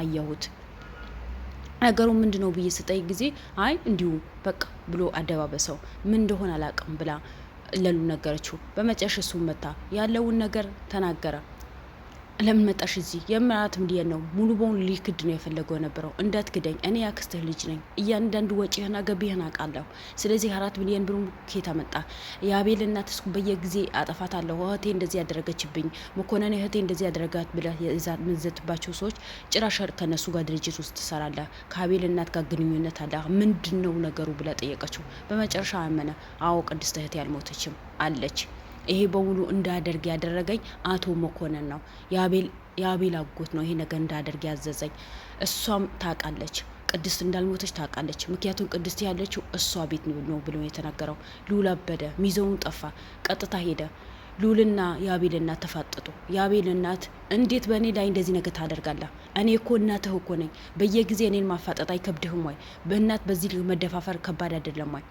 አየሁት። ነገሩ ምንድን ነው ብዬ ስጠይቅ ጊዜ አይ እንዲሁ በቃ ብሎ አደባበሰው። ምን እንደሆነ አላቅም ብላ ለሉ ነገረችው። በመጨረሻ እሱ መታ ያለውን ነገር ተናገረ። ለምን መጣሽ እዚህ? የምራት ምድየን ነው ሙሉ በሙሉ ሊክድ ነው የፈለገው የነበረው። እንዳትክደኝ፣ እኔ ያክስትህ ልጅ ነኝ። እያንዳንዱ ወጪህና ገቢህን አውቃለሁ። ስለዚህ አራት ሚሊዮን ብሩ ኬታ መጣ። የአቤል እናት እስኩ በየጊዜ አጠፋታለሁ። እህቴ እንደዚህ ያደረገችብኝ፣ መኮንን እህቴ እንደዚህ ያደረጋት ብለ የምንዘትባቸው ሰዎች ጭራሽ ከነሱ ጋር ድርጅት ውስጥ ትሰራለ፣ ከአቤል እናት ጋር ግንኙነት አለ፣ ምንድን ነው ነገሩ ብለህ ጠየቀችው። በመጨረሻ አመነ። አዎ ቅድስት እህቴ አልሞተችም አለች። ይሄ በሙሉ እንዳደርግ ያደረገኝ አቶ መኮንን ነው። የአቤል አጎት ነው ይሄ ነገር እንዳደርግ ያዘዘኝ። እሷም ታውቃለች፣ ቅድስት እንዳልሞተች ታውቃለች። ምክንያቱም ቅድስት ያለችው እሷ ቤት ነው ብሎ የተናገረው። ሉል አበደ፣ ሚዘውን ጠፋ፣ ቀጥታ ሄደ። ሉልና የአቤል እናት ተፋጠጡ። የአቤል እናት እንዴት በእኔ ላይ እንደዚህ ነገር ታደርጋለህ? እኔ እኮ እናትህ እኮ ነኝ። በየጊዜ እኔን ማፋጠጥ አይከብድህም ወይ? በእናት በዚህ መደፋፈር ከባድ አይደለም ወይ?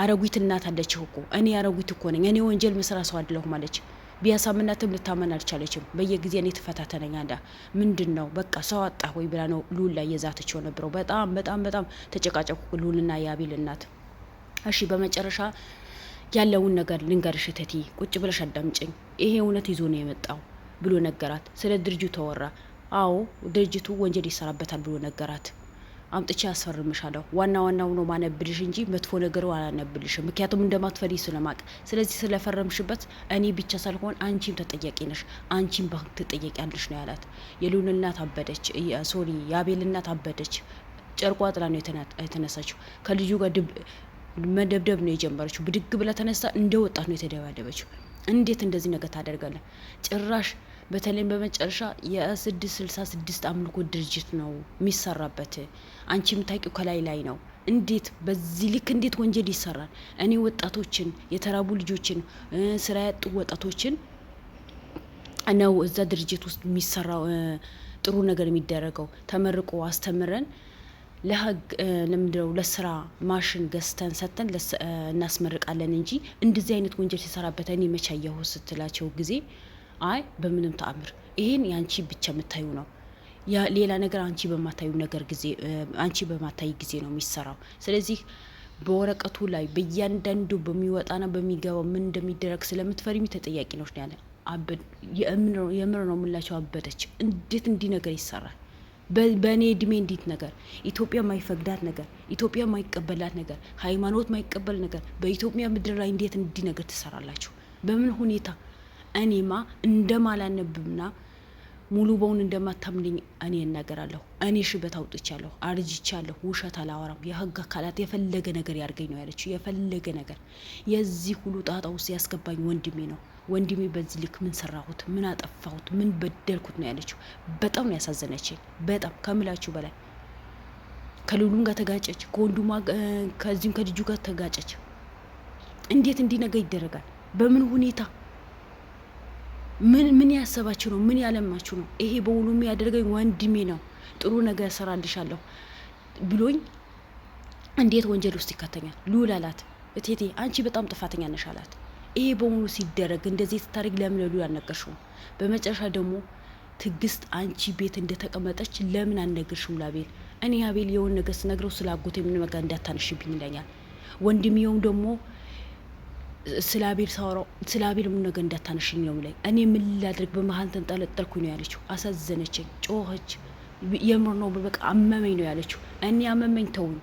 አረጉት እናት አለችህ እኮ እኔ አረጉት እኮ ነኝ እኔ ወንጀል መስራ ሰው አይደለሁም አለች። ቢያሳምናትም ልታመን አልቻለችም። በየጊዜ እኔ ትፈታተነኝ አዳ ምንድን ነው በቃ ሰው አጣ ወይ ብላ ነው ሉል ላይ የዛተችው ነበረው። በጣም በጣም በጣም ተጨቃጨቁ ሉልና የአቤል እናት። እሺ በመጨረሻ ያለውን ነገር ልንገርሽ ተቲ፣ ቁጭ ብለሽ አዳምጭኝ። ይሄ እውነት ይዞ ነው የመጣው ብሎ ነገራት። ስለ ድርጅቱ ተወራ። አዎ ድርጅቱ ወንጀል ይሰራበታል ብሎ ነገራት። አምጥቼ ያስፈርምሻለሁ። ዋና ዋናው ነው ማነብልሽ እንጂ መጥፎ ነገሩ አላነብልሽም። ምክንያቱም እንደማትፈሪ ስለማቅ። ስለዚህ ስለፈረምሽበት እኔ ብቻ ሳልሆን አንቺም ተጠያቂ ነሽ፣ አንቺም ባንክ ትጠየቂያለሽ ነው ያላት። የሉል እናት አበደች፣ ሶሪ የአቤል እናት አበደች። ጨርቋ ጥላ ነው የተነሳችው። ከልጁ ጋር መደብደብ ነው የጀመረችው። ብድግ ብላ ተነሳ፣ እንደ ወጣት ነው የተደባደበችው። እንዴት እንደዚህ ነገር ታደርጋለን? ጭራሽ በተለይም በመጨረሻ የስድስት ስልሳ ስድስት አምልኮ ድርጅት ነው የሚሰራበት። አንቺ የምታውቂው ከላይ ላይ ነው። እንዴት በዚህ ልክ እንዴት ወንጀል ይሰራል? እኔ ወጣቶችን የተራቡ ልጆችን ስራ ያጡ ወጣቶችን ነው እዛ ድርጅት ውስጥ የሚሰራው ጥሩ ነገር የሚደረገው ተመርቆ አስተምረን ለህግ ለምንድነው ለስራ ማሽን ገዝተን ሰጥተን እናስመርቃለን እንጂ እንደዚህ አይነት ወንጀል ሲሰራበት እኔ መቻያሁ ስትላቸው ጊዜ አይ በምንም ተአምር ይሄን የአንቺ ብቻ የምታዩ ነው ሌላ ነገር አንቺ በማታዩ ነገር ጊዜ አንቺ በማታይ ጊዜ ነው የሚሰራው። ስለዚህ በወረቀቱ ላይ በእያንዳንዱ በሚወጣና በሚገባው ምን እንደሚደረግ ስለምትፈሪሚ ተጠያቂ ነች ያለ የምር ነው የምላቸው። አበደች። እንዴት እንዲህ ነገር ይሰራል? በእኔ እድሜ እንዴት ነገር ኢትዮጵያ ማይፈቅዳት ነገር ኢትዮጵያ ማይቀበላት ነገር ሃይማኖት ማይቀበል ነገር በኢትዮጵያ ምድር ላይ እንዴት እንዲህ ነገር ትሰራላችሁ? በምን ሁኔታ እኔማ እንደማላነብብና ሙሉ በውን እንደማታምንኝ እኔ እናገራለሁ። እኔ ሽበት አውጥቻለሁ፣ አርጅቻለሁ፣ ውሸት አላወራም፣ የህግ አካላት የፈለገ ነገር ያርገኝ ነው ያለችው። የፈለገ ነገር የዚህ ሁሉ ጣጣ ውስጥ ያስገባኝ ወንድሜ ነው። ወንድሜ በዚህ ልክ ምን ሰራሁት? ምን አጠፋሁት? ምን በደልኩት? ነው ያለችው። በጣም ነው ያሳዘነችኝ፣ በጣም ከምላችሁ በላይ። ከልሉም ጋር ተጋጨች፣ ከወንዱማ ከዚህም ከልጁ ጋር ተጋጨች። እንዴት እንዲህ ነገር ይደረጋል? በምን ሁኔታ ምን ምን ያሰባችሁ ነው? ምን ያለማችሁ ነው? ይሄ በሙሉ የሚያደርገኝ ወንድሜ ነው፣ ጥሩ ነገር እሰራልሻለሁ ብሎኝ እንዴት ወንጀል ውስጥ ይከተኛል? ልዑል አላት፣ እቴቴ አንቺ በጣም ጥፋተኛ ነሽ አላት። ይሄ በሙሉ ሲደረግ እንደዚህ ስታደርግ ለምን ለልዑል አልነገርሽውም? በመጨረሻ ደግሞ ትግስት አንቺ ቤት እንደተቀመጠች ለምን አልነገርሽም ላቤል? እኔ አቤል የሆን ነገር ስነግረው ስለ አጎቴ ምንም ነገር እንዳታነሽብኝ ይለኛል። ወንድሜውም ደግሞ ስለ አቤል ሳወራው ስለ አቤል ምን ነገር እንዳታነሽኝ ነው ላይ እኔ ምን ላድርግ በመሀል ተንጠለጠልኩ ነው ያለችው። አሳዘነችኝ፣ ጮኸች። የምር ነው በቃ አመመኝ ነው ያለችው። እኔ አመመኝ ተውኝ፣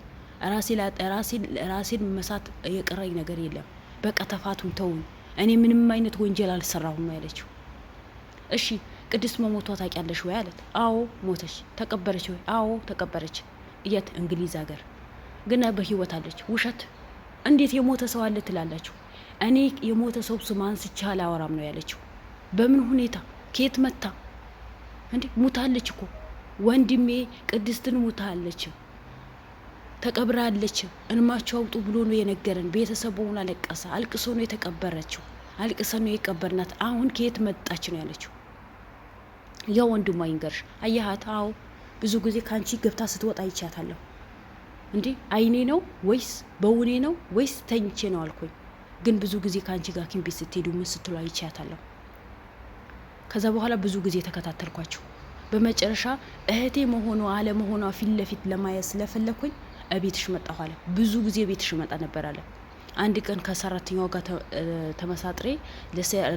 ራሴን መሳት የቀረኝ ነገር የለም። በቃ ተፋቱን ተውኝ፣ እኔ ምንም አይነት ወንጀል አልሰራሁም ነው ያለችው። እሺ ቅድስት መሞቷ ታውቂያለሽ ወይ አለት። አዎ ሞተች። ተቀበረች ወይ? አዎ ተቀበረች። እየት እንግሊዝ ሀገር። ግን በህይወት አለች። ውሸት! እንዴት የሞተ ሰው አለ ትላላችሁ? እኔ የሞተ ሰው ስም አንስቼ አላወራም ነው ያለችው። በምን ሁኔታ ከየት መታ እንዴ? ሙታለች እኮ ወንድሜ ቅድስትን ሙታለች፣ ተቀብራለች፣ እንማቸው አውጡ ብሎ ነው የነገረን። ቤተሰቡን አለቀሰ፣ አልቅሶ ነው የተቀበረችው፣ አልቅሰ ነው የቀበርናት። አሁን ከየት መጣች ነው ያለችው። ያው ወንድሟ ይንገርሽ አያሃት። አዎ ብዙ ጊዜ ከአንቺ ገብታ ስትወጣ ይቻታለሁ። እንዴ አይኔ ነው ወይስ በውኔ ነው ወይስ ተኝቼ ነው አልኩኝ። ግን ብዙ ጊዜ ከአንቺ ጋር ኪም ስትሄዱ ምን ስትሉ አይቻታለሁ። ከዛ በኋላ ብዙ ጊዜ ተከታተልኳቸው። በመጨረሻ እህቴ መሆኑ አለመሆኗ ፊት ለፊት ለማየት ስለፈለግኩኝ እቤትሽ መጣሁ አለ። ብዙ ጊዜ ቤትሽ መጣ ነበር አለ። አንድ ቀን ከሰራተኛዋ ጋር ተመሳጥሬ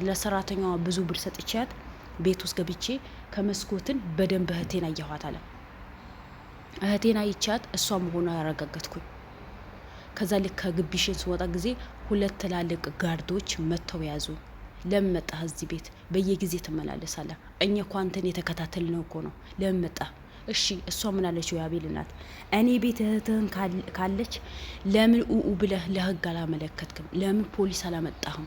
ለሰራተኛዋ ብዙ ብር ሰጥቻት ቤት ውስጥ ገብቼ ከመስኮትን በደንብ እህቴን አየኋት አለ። እህቴን አይቻት እሷ መሆኗ ያረጋገጥኩኝ። ከዛ ልክ ከግቢሽን ስወጣ ጊዜ ሁለት ትላልቅ ጋርዶች መጥተው ያዙ። ለምን መጣህ እዚህ ቤት? በየጊዜ ትመላለሳለ እኛ እኮ አንተን የተከታተል ነው እኮ ነው። ለምን መጣህ? እሺ እሷ ምን አለችው? የአቤል እናት እኔ ቤት እህትህን ካለች ለምን ኡኡ ብለህ ለህግ አላመለከትክም? ለምን ፖሊስ አላመጣህም?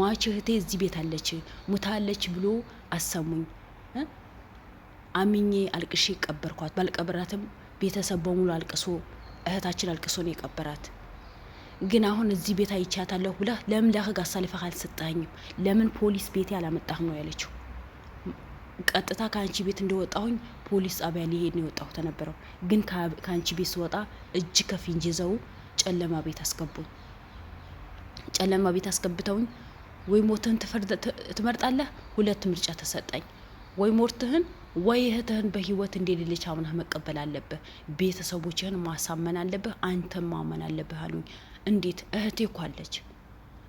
ሟች እህቴ እዚህ ቤት አለች ሙታለች ብሎ አሰሙኝ። አምኜ አልቅሼ ቀበርኳት። ባልቀብራትም ቤተሰብ በሙሉ አልቅሶ እህታችን አልቅሶን የቀበራት። ግን አሁን እዚህ ቤት አይቻታለሁ ብላ ለምን ለህግ አሳልፈህ አልሰጠኝም? ለምን ፖሊስ ቤቴ አላመጣህም ነው ያለችው። ቀጥታ ከአንቺ ቤት እንደወጣሁኝ ፖሊስ ጣቢያ ሊሄድ ነው የወጣሁ ተነበረው። ግን ከአንቺ ቤት ስወጣ እጅ ከፍንጅ ይዘው ጨለማ ቤት አስገቡኝ። ጨለማ ቤት አስገብተውኝ ወይ ሞትህን ትመርጣለህ፣ ሁለት ምርጫ ተሰጠኝ። ወይ ሞትህን ወይ እህትህን በህይወት እንደሌለች አምነህ መቀበል አለብህ። ቤተሰቦችህን ማሳመን አለብህ። አንተን ማመን አለብህ አሉኝ። እንዴት እህቴ እኮ አለች፣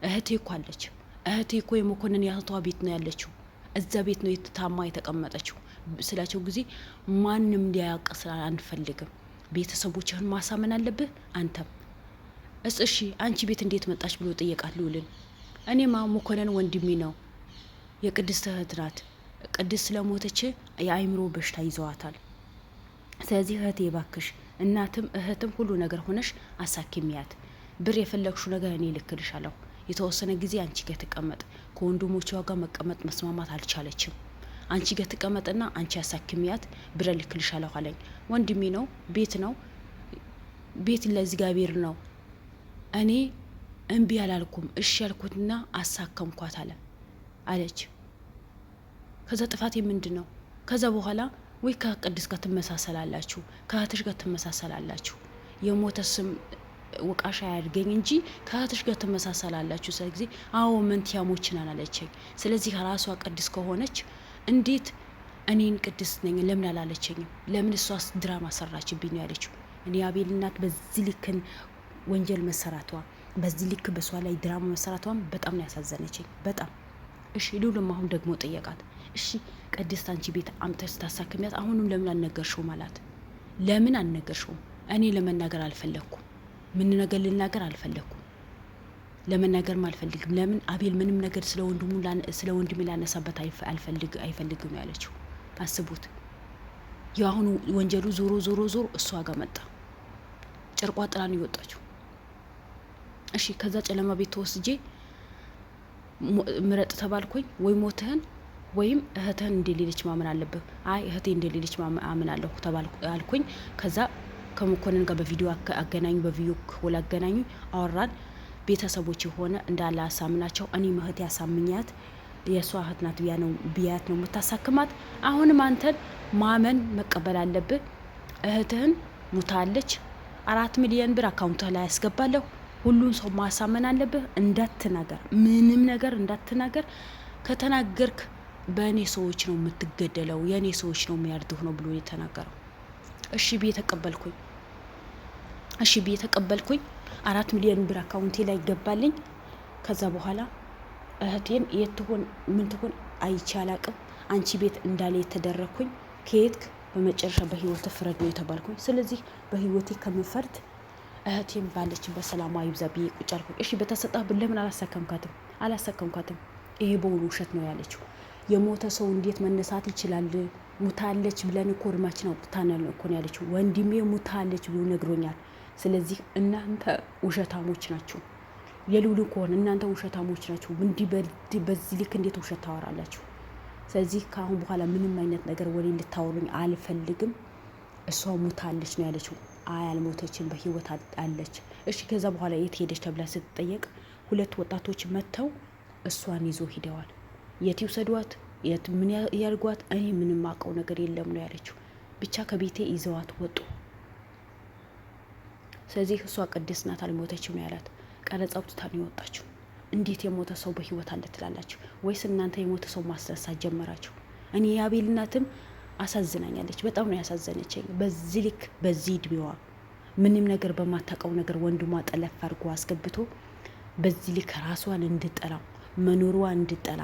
እህቴ እኮ አለች። እህቴ እኮ የመኮንን ያህቷ ቤት ነው ያለችው፣ እዛ ቤት ነው የታማ የተቀመጠችው ስላቸው ጊዜ ማንም ሊያውቅ አንፈልግም። ቤተሰቦችህን ማሳመን አለብህ አንተም እስ እሺ፣ አንቺ ቤት እንዴት መጣች ብሎ ጠየቃት ልውልን። እኔማ መኮንን ወንድሜ ነው፣ የቅድስት እህት ናት። ቅድስት ስለሞተች የአይምሮ በሽታ ይዘዋታል። ስለዚህ እህቴ ባክሽ እናትም እህትም ሁሉ ነገር ሆነሽ አሳክሚያት። ብር የፈለግሹ ነገር እኔ ልክልሻለሁ። የተወሰነ ጊዜ አንቺ ጋ ትቀመጥ። ከወንድሞቿ ጋር መቀመጥ መስማማት አልቻለችም። አንቺ ጋ ትቀመጥና አንቺ አሳክሚያት፣ ብር ልክልሻለሁ አለኝ። ወንድሜ ነው፣ ቤት ነው፣ ቤት ለእግዚአብሔር ነው። እኔ እምቢ አላልኩም፣ እሺ ያልኩትና አሳከምኳት አለ አለች። ከዛ ጥፋቴ ምንድን ነው? ከዛ በኋላ ወይ ከቅድስ ጋር ትመሳሰላላችሁ፣ ከእህትሽ ጋር ትመሳሰላላችሁ። የሞተ ስም ውቃሽ አያድገኝ እንጂ ከእህትሽ ጋር ትመሳሰላላችሁ። ጊዜ አዎ መንትያሞች ነን አለችኝ። ስለዚህ ራሷ ቅድስ ከሆነች እንዴት እኔን ቅድስ ነኝ ለምን አላለችኝም? ለምን እሷስ ድራማ ሰራችብኝ ነው ያለችው። እኔ አቤል እናት በዚህ ልክን ወንጀል መሰራቷ በዚህ ልክ በሷ ላይ ድራማ መሰራቷን በጣም ነው ያሳዘነችኝ። በጣም እሺ ሉልም አሁን ደግሞ ጠየቃት። እሺ ቅድስት አንቺ ቤት አምተሽ ታሳክሚያት። አሁንም ለምን አልነገርሽውም አላት። ለምን አልነገርሽውም? እኔ ለመናገር አልፈለግኩም። ምን ነገር ልናገር አልፈለግኩም። ለመናገርም አልፈልግም። ለምን አቤል ምንም ነገር ስለ ወንድሜ ላነሳበት አይፈልግም ያለችው። አስቡት። የአሁኑ ወንጀሉ ዞሮ ዞሮ ዞሮ እሷ ጋር መጣ። ጨርቋ ጥላ ነው የወጣችው። እሺ ከዛ ጨለማ ቤት ተወስጄ ምረጥ ተባልኩኝ ወይ ሞትህን ወይም እህትህን እንደሌለች ማመን አለብህ። አይ እህቴ እንደሌለች ማመን አለሁ ተባልኩኝ። ከዛ ከመኮንን ጋር በቪዲዮ አገናኙ፣ በቪዲዮ ኮል አገናኙ፣ አወራን። ቤተሰቦች የሆነ እንዳለ አሳምናቸው እኔም እህቴ ያሳምኛት የእሷ እህት ናት ብያት ነው የምታሳክማት። አሁንም አንተን ማመን መቀበል አለብህ። እህትህን ሙታለች። አራት ሚሊዮን ብር አካውንትህ ላይ ያስገባለሁ። ሁሉን ሰው ማሳመን አለብህ። እንዳትናገር፣ ምንም ነገር እንዳትናገር ከተናገርክ በእኔ ሰዎች ነው የምትገደለው፣ የእኔ ሰዎች ነው የሚያርድህ ነው ብሎ የተናገረው። እሺ ብዬ ተቀበልኩኝ። እሺ ብዬ ተቀበልኩኝ። አራት ሚሊዮን ብር አካውንቴ ላይ ይገባልኝ። ከዛ በኋላ እህቴን የት ትሆን ምን ትሆን አይቼ አላቅም። አንቺ ቤት እንዳለ የተደረግኩኝ ከየትክ በመጨረሻ በህይወት ፍረድ ነው የተባልኩኝ። ስለዚህ በህይወቴ ከምፈርድ እህቴም ባለች በሰላማ ይብዛ ብዬ ቁጭ አልኩኝ። እሺ በተሰጣ ለምን አላሳከምካትም አላሳከምካትም። ይሄ በውሉ ውሸት ነው ያለችው። የሞተ ሰው እንዴት መነሳት ይችላል? ሙታለች ብለን እኮ እርማችን አውጥታናል እኮ ነው ያለችው። ወንድሜ ሙታለች ብሎ ነግሮኛል። ስለዚህ እናንተ ውሸታሞች ናችሁ። የልውል ከሆነ እናንተ ውሸታሞች ናችሁ። እንዲህ በዚህ ልክ እንዴት ውሸት ታወራላችሁ? ስለዚህ ከአሁን በኋላ ምንም አይነት ነገር ወሬ ልታወሩኝ አልፈልግም። እሷ ሙታለች ነው ያለችው። አይ አልሞተችን፣ በህይወት አለች። እሺ ከዛ በኋላ የት ሄደች ተብላ ስትጠየቅ ሁለት ወጣቶች መጥተው እሷን ይዞ ሂደዋል። የት ይውሰዷት፣ የት ምን ያርጓት፣ እኔ ምንም አውቀው ነገር የለም ነው ያለችው። ብቻ ከቤቴ ይዘዋት ወጡ። ስለዚህ እሷ ቅድስት ናት አልሞተችም ነው ያላት። ቀረጻ አውጥታ ነው የወጣችው። እንዴት የሞተ ሰው በህይወት አለ ትላላችሁ? ወይስ እናንተ የሞተ ሰው ማስረሳት ጀመራችሁ? እኔ የአቤል እናትም አሳዝናኛለች። በጣም ነው ያሳዘነችኝ። በዚህ ልክ በዚህ እድሜዋ ምንም ነገር በማታውቀው ነገር ወንድሟ ጠለፍ አድርጎ አስገብቶ በዚህ ልክ ራሷን እንድጠላ መኖሯ እንድጠላ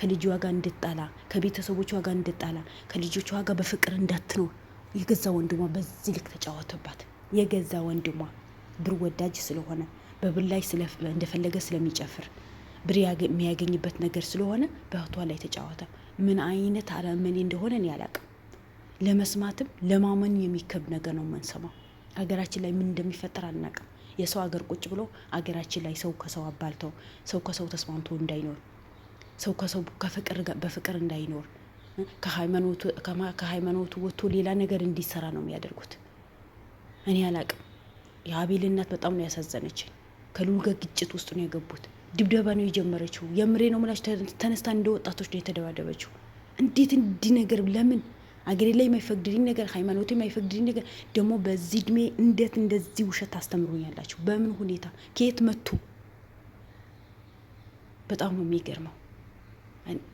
ከልጅዋ ጋር እንድጣላ፣ ከቤተሰቦቿ ጋር እንድጣላ፣ ከልጆቿ ጋር በፍቅር እንዳትኖር የገዛ ወንድሟ በዚህ ልክ ተጫወተባት። የገዛ ወንድሟ ብር ወዳጅ ስለሆነ በብር ላይ እንደፈለገ ስለሚጨፍር ብር የሚያገኝበት ነገር ስለሆነ በእህቷ ላይ ተጫወተ። ምን አይነት አረመኔ እንደሆነ እኔ አላቅም። ለመስማትም ለማመን የሚከብ ነገር ነው የምንሰማው። ሀገራችን ላይ ምን እንደሚፈጠር አናቅም። የሰው ሀገር ቁጭ ብሎ ሀገራችን ላይ ሰው ከሰው አባልተው ሰው ከሰው ተስማምቶ እንዳይኖር ሰው ከሰው በፍቅር እንዳይኖር ከሃይማኖቱ ወጥቶ ሌላ ነገር እንዲሰራ ነው የሚያደርጉት። እኔ አላቅም። የአቤል እናት በጣም ነው ያሳዘነችኝ። ከልዑል ጋር ግጭት ውስጥ ነው የገቡት። ድብደባ ነው የጀመረችው። የምሬ ነው ምላሽ ተነስታ እንደ ወጣቶች ነው የተደባደበችው። እንዴት እንዲህ ነገር ለምን አገሬ ላይ የማይፈቅድልኝ ነገር ሃይማኖት የማይፈቅድልኝ ነገር ደግሞ በዚህ እድሜ እንዴት እንደዚህ ውሸት ታስተምሩኛላችሁ? በምን ሁኔታ ከየት መቱ? በጣም ነው የሚገርመው።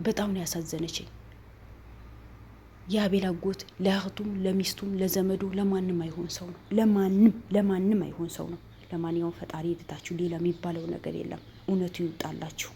በጣም ነው ያሳዘነችኝ። የአቤል አጎት ለእህቱም ለሚስቱም ለዘመዱ ለማንም አይሆን ሰው ነው። ለማንም ለማንም አይሆን ሰው ነው። ለማንኛውም ፈጣሪ ይድታችሁ። ሌላ የሚባለው ነገር የለም። እውነቱ ይውጣላችሁ።